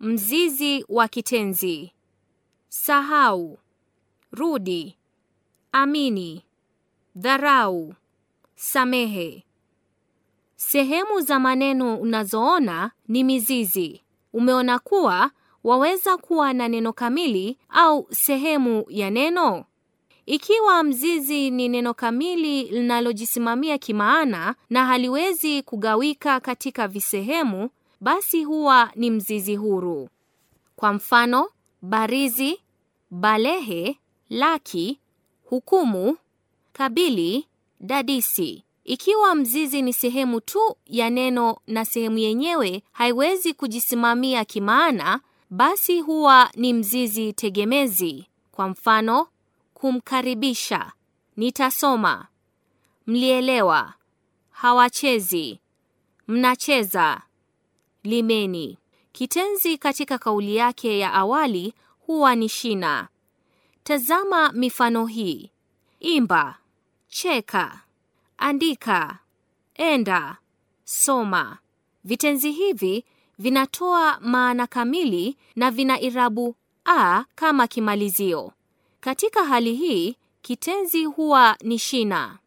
Mzizi wa kitenzi: sahau, rudi, amini, dharau, samehe. Sehemu za maneno unazoona ni mizizi. Umeona kuwa waweza kuwa na neno kamili au sehemu ya neno. Ikiwa mzizi ni neno kamili linalojisimamia kimaana na haliwezi kugawika katika visehemu basi huwa ni mzizi huru. Kwa mfano, barizi, balehe, laki, hukumu, kabili, dadisi. Ikiwa mzizi ni sehemu tu ya neno na sehemu yenyewe haiwezi kujisimamia kimaana, basi huwa ni mzizi tegemezi. Kwa mfano, kumkaribisha, nitasoma, mlielewa, hawachezi, mnacheza. Limeni. Kitenzi katika kauli yake ya awali huwa ni shina. Tazama mifano hii: imba, cheka, andika, enda, soma. Vitenzi hivi vinatoa maana kamili na vina irabu a kama kimalizio. Katika hali hii kitenzi huwa ni shina.